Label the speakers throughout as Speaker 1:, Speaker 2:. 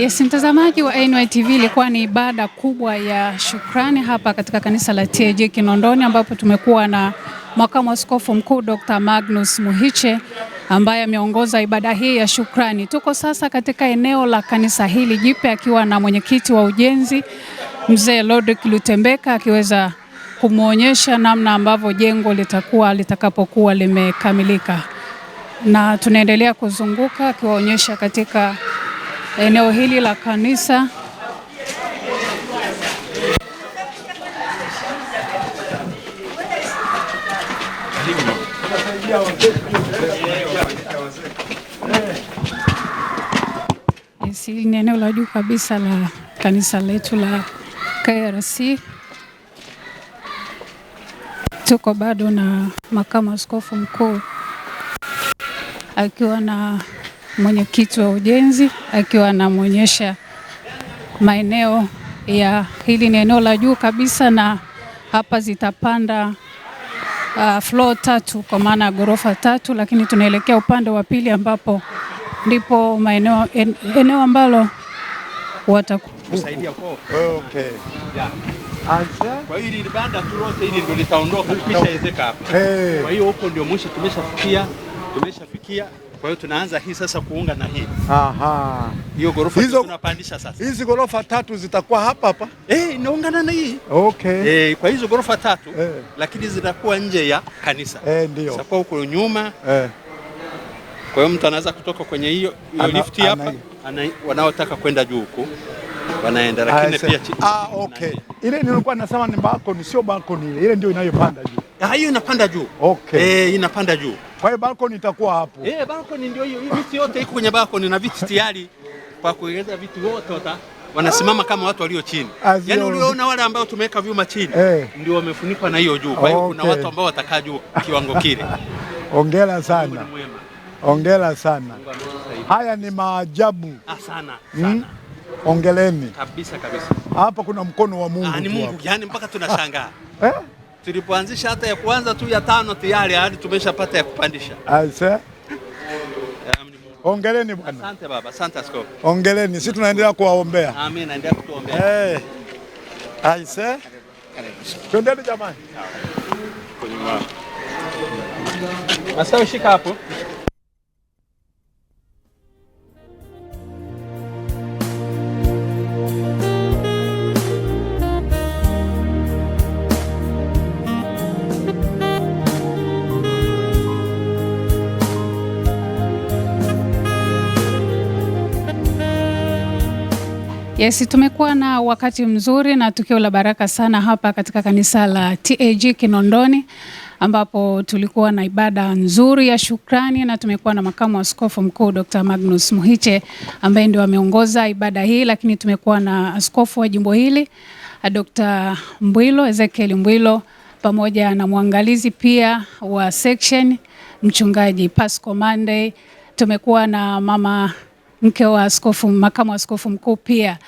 Speaker 1: Yes, mtazamaji wa NYTV, ilikuwa ni ibada kubwa ya shukrani hapa katika kanisa la TAG Kinondoni, ambapo tumekuwa na makamu askofu mkuu Dr. Magnus Muhiche ambaye ameongoza ibada hii ya shukrani. Tuko sasa katika eneo la kanisa hili jipya, akiwa na mwenyekiti wa ujenzi mzee Lodrick Lutembeka akiweza kumwonyesha namna ambavyo jengo litakuwa litakapokuwa limekamilika, na tunaendelea kuzunguka akiwaonyesha katika eneo hili la kanisa. Yes, ni eneo la juu kabisa la kanisa letu la KRC. Tuko bado na makamu askofu mkuu akiwa na mwenyekiti wa ujenzi akiwa anamwonyesha maeneo ya hili ni eneo la juu kabisa, na hapa zitapanda uh, floor tatu kwa maana ya ghorofa tatu, lakini tunaelekea upande wa pili ambapo ndipo maeneo en, eneo ambalo watakusaidia
Speaker 2: kwa okay. Kwa hiyo hili banda tu lote hili ndio litaondoka, kisha ezeka hapa. Kwa hiyo huko ndio mwisho, tumeshafikia tumeshafikia kwa hiyo tunaanza hii sasa kuunga na hii. Aha. Hiyo gorofa tunapandisha sasa.
Speaker 3: Hizi gorofa tatu zitakuwa hapa hapa.
Speaker 2: Eh, inaungana na hii. Okay. Eh, kwa hizo gorofa tatu hey. Eh. lakini zitakuwa nje ya kanisa. Eh, ndio. Sasa huko nyuma eh. Kwa hiyo mtu anaweza kutoka kwenye hiyo lifti hapa, wanaotaka kwenda juu huko wanaenda, lakini ah, pia
Speaker 3: Ah, okay. Ile nilikuwa nasema ni balcony, sio balcony ile. Ile ndio inayopanda juu.
Speaker 2: Ah, hiyo inapanda juu. Okay. Eh, inapanda juu.
Speaker 3: Kwa hiyo balcony itakuwa hapo.
Speaker 2: Eh, balcony ndio hiyo. Miti yote iko kwenye balcony na viti tayari kwa kueleza vitu wote wata wanasimama kama watu walio chini. Yaani uliona wale ambao tumeweka vyuma chini hey, eh. ndio wamefunikwa na hiyo juu. Kwa hiyo okay, kuna watu ambao watakaa juu kiwango kile.
Speaker 3: Ongera sana. Ongera sana. Haya ni maajabu.
Speaker 2: Ah, sana. Hmm? Sana.
Speaker 3: Ongeleni.
Speaker 2: Kabisa kabisa.
Speaker 3: Hapa kuna mkono wa Mungu. Ah, ni
Speaker 2: Mungu. Yaani mpaka tunashangaa. Eh? tulipoanzisha hata ya kwanza tu ya tano tayari hadi tumeshapata ya kupandisha.
Speaker 3: Asa. Ongeleni bwana.
Speaker 2: Asante baba, asante askofu.
Speaker 3: Ongeleni, sisi tunaendelea kuwaombea.
Speaker 2: Amina, naendelea kutuombea.
Speaker 3: Eh. Hey. Aise. Twendeni jamani. Kwa nyuma.
Speaker 2: Masawe, shika hapo.
Speaker 1: Yes, tumekuwa na wakati mzuri na tukio la baraka sana hapa katika kanisa la TAG Kinondoni ambapo tulikuwa na ibada nzuri ya shukrani na tumekuwa na makamu wa askofu mkuu Dr. Magnus Muhiche ambaye ndio ameongoza ibada hii, lakini tumekuwa na askofu wa jimbo hili Dr. Mbwilo Ezekiel Mbwilo pamoja na mwangalizi pia wa section mchungaji Pasco Monday. Tumekuwa na mama mke wa askofu, makamu askofu mkuu pia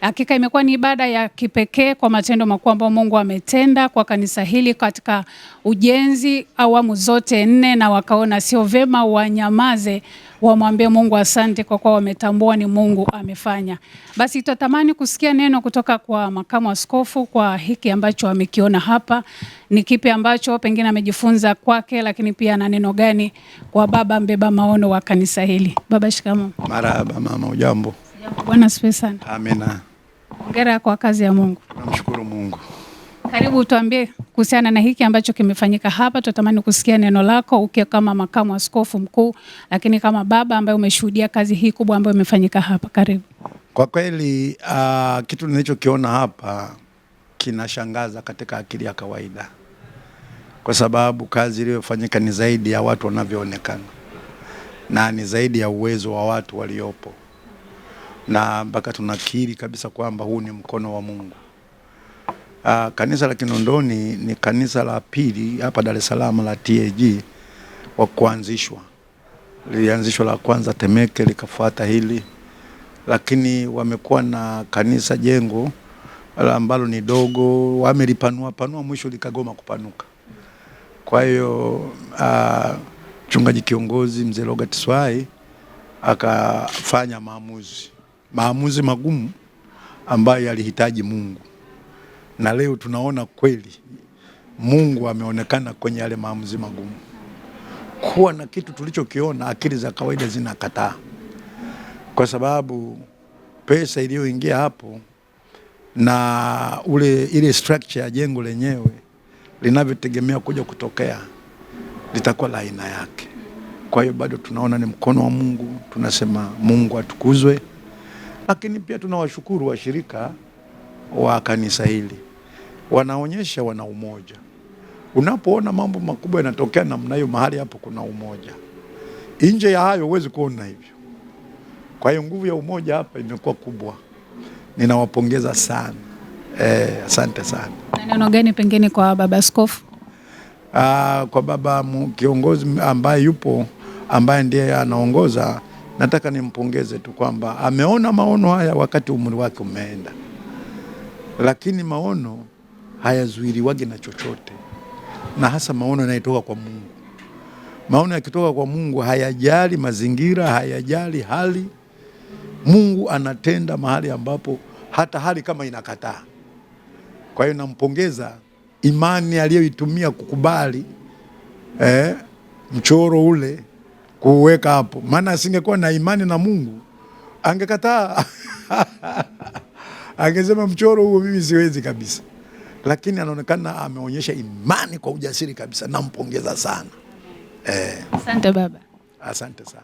Speaker 1: Hakika imekuwa ni ibada ya kipekee kwa matendo makubwa ambayo Mungu ametenda kwa kanisa hili katika ujenzi awamu zote nne, na wakaona sio vema wanyamaze, wamwambie Mungu asante kwa kuwa wametambua ni Mungu amefanya. Basi tutatamani kusikia neno kutoka kwa makamu askofu kwa hiki ambacho amekiona hapa, ni kipi ambacho pengine amejifunza kwake, lakini pia na neno gani kwa baba mbeba maono wa kanisa hili. Baba, shikamoo.
Speaker 4: Marahaba mama, ujambo?
Speaker 1: Bwana asifiwe sana. Amina. Hongera kwa kazi ya Mungu.
Speaker 4: Namshukuru Mungu.
Speaker 1: Karibu tuambie kuhusiana na hiki ambacho kimefanyika hapa. Tunatamani kusikia neno lako ukiwa kama makamu askofu mkuu, lakini kama baba ambaye umeshuhudia kazi hii kubwa ambayo imefanyika hapa. Karibu.
Speaker 4: Kwa kweli uh, kitu nilichokiona hapa kinashangaza katika akili ya kawaida, kwa sababu kazi iliyofanyika ni zaidi ya watu wanavyoonekana na ni zaidi ya uwezo wa watu waliopo na mpaka tunakiri kabisa kwamba huu ni mkono wa Mungu. Aa, ah, kanisa la Kinondoni ni kanisa la pili hapa Dar es Salaam la TAG wa kuanzishwa. Lilianzishwa la kwanza Temeke, likafuata hili, lakini wamekuwa na kanisa jengo ambalo ni dogo, wamelipanua panua, mwisho likagoma kupanuka. Kwa hiyo ah, mchungaji kiongozi mzee Robert Swai akafanya maamuzi maamuzi magumu ambayo yalihitaji Mungu, na leo tunaona kweli Mungu ameonekana kwenye yale maamuzi magumu. Kuwa na kitu tulichokiona, akili za kawaida zinakataa, kwa sababu pesa iliyoingia hapo na ule ile structure ya jengo lenyewe linavyotegemea kuja kutokea litakuwa la aina yake. Kwa hiyo bado tunaona ni mkono wa Mungu, tunasema Mungu atukuzwe. Lakini pia tunawashukuru washirika wa kanisa hili, wanaonyesha wana umoja. Unapoona mambo makubwa yanatokea namna hiyo, mahali hapo kuna umoja. Nje ya hayo huwezi kuona hivyo. Kwa hiyo nguvu ya umoja hapa imekuwa kubwa. Ninawapongeza sana eh, asante sana.
Speaker 1: Na neno gani pengine kwa baba askofu?
Speaker 4: Ah, kwa baba kiongozi ambaye yupo ambaye ndiye anaongoza nataka nimpongeze tu kwamba ameona maono haya wakati umri wake umeenda, lakini maono hayazuiliwage na chochote, na hasa maono yanayotoka kwa Mungu. Maono yakitoka kwa Mungu hayajali mazingira, hayajali hali. Mungu anatenda mahali ambapo hata hali kama inakataa. Kwa hiyo nampongeza imani aliyoitumia kukubali eh, mchoro ule kuweka hapo, maana asingekuwa na imani na Mungu angekataa angesema mchoro huo mimi siwezi kabisa, lakini anaonekana ameonyesha imani kwa ujasiri kabisa, nampongeza sana eh.
Speaker 1: Asante baba,
Speaker 4: asante sana.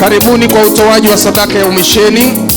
Speaker 3: Karibuni kwa utoaji wa sadaka ya umisheni.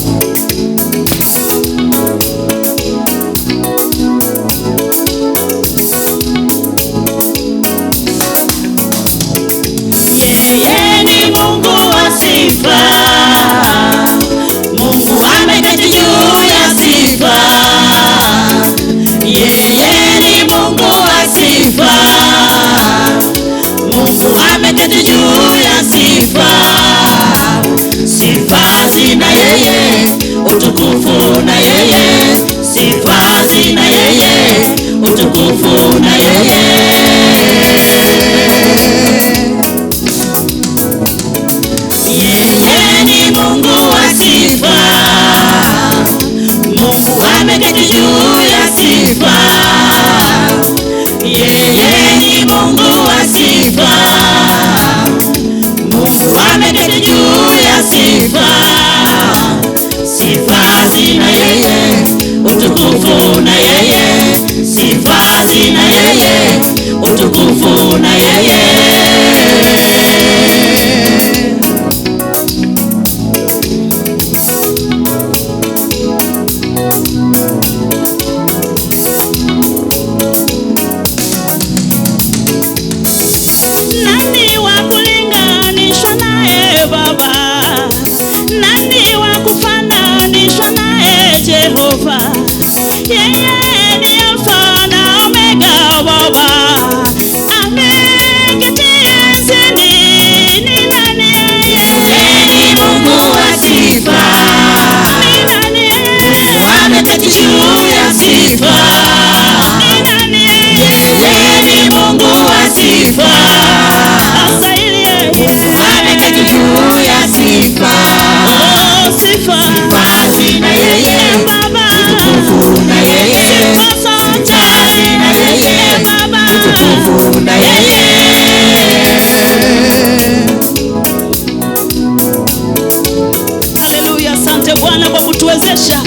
Speaker 5: kutuwezesha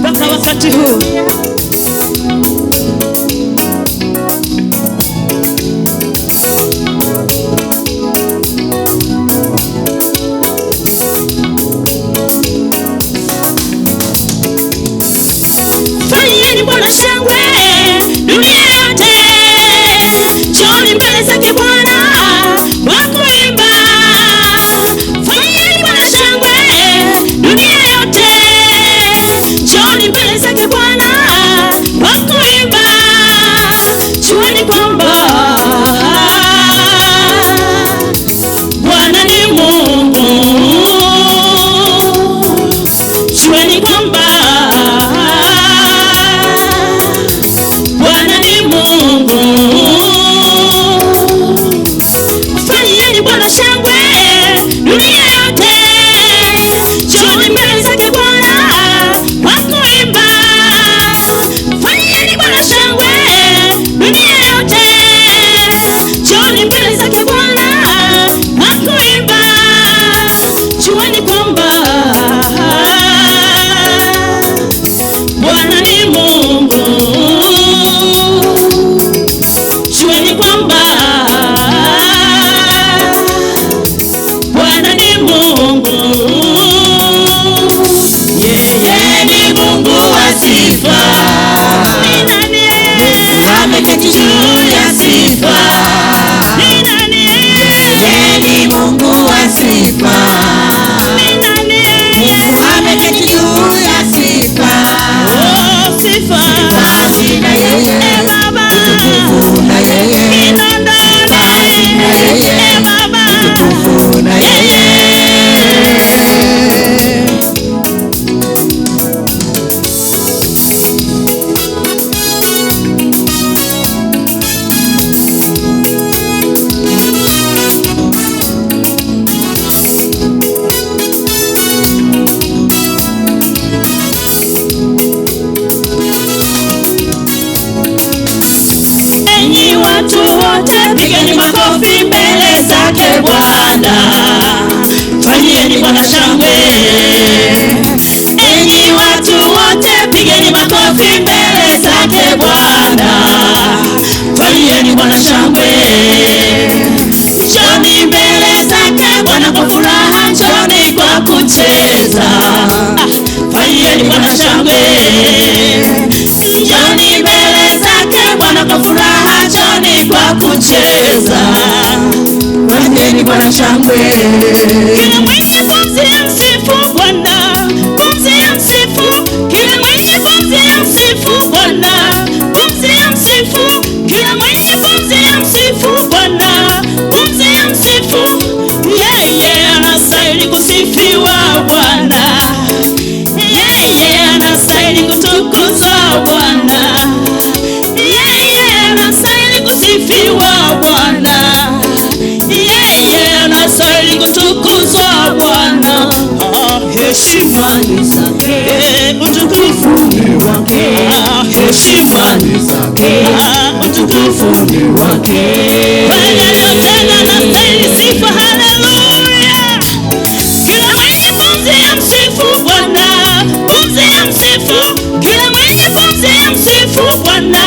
Speaker 5: mpaka wakati huu.
Speaker 6: Bwana, palieni shangwe, njoni mbele zake Bwana kwa furaha, njoni kwa kucheza, palieni shangwe, njoni mbele zake Bwana kwa furaha, njoni kwa kucheza, palieni shangwe
Speaker 7: utukufu ni wake. Bwana anapenda na kweli, sifa haleluya. Kila mwenye pumzi amsifu Bwana, pumzi amsifu. Kila mwenye pumzi amsifu Bwana,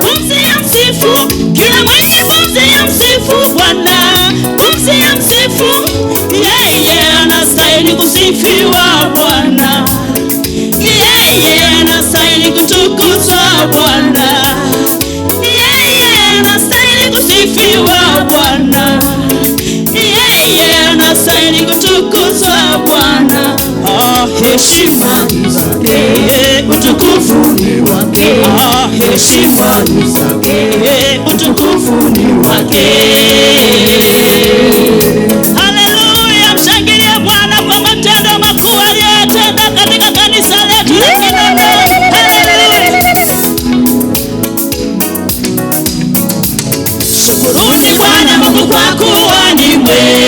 Speaker 7: pumzi amsifu. Kila mwenye pumzi amsifu Bwana, pumzi amsifu. Yeye anastahili kusifiwa Bwana, yeye anastahili kutukuzwa Bwana. heshima eh, utukufu ni wake, heshima eh, utukufu ni wake. Haleluya, mshangilie Bwana kwa matendo makuu aliyotenda katika kanisa letu.
Speaker 8: Shukuruni Bwana Mungu kwa kuwa ni mwema.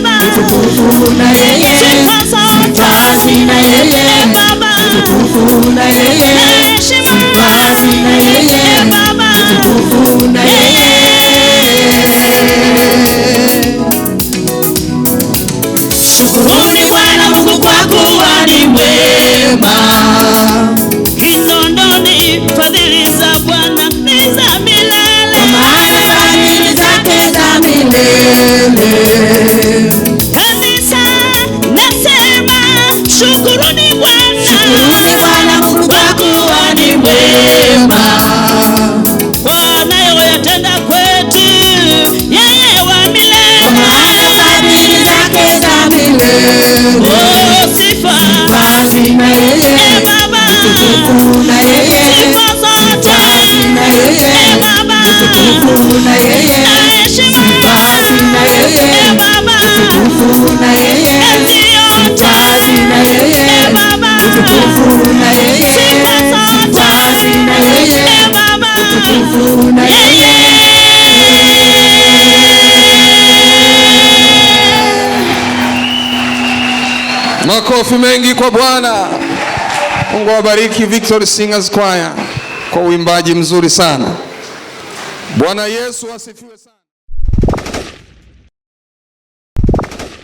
Speaker 3: makofi mengi kwa Bwana. Mungu awabariki Victory Singers Choir kwa uimbaji mzuri sana. Bwana Yesu asifiwe sana.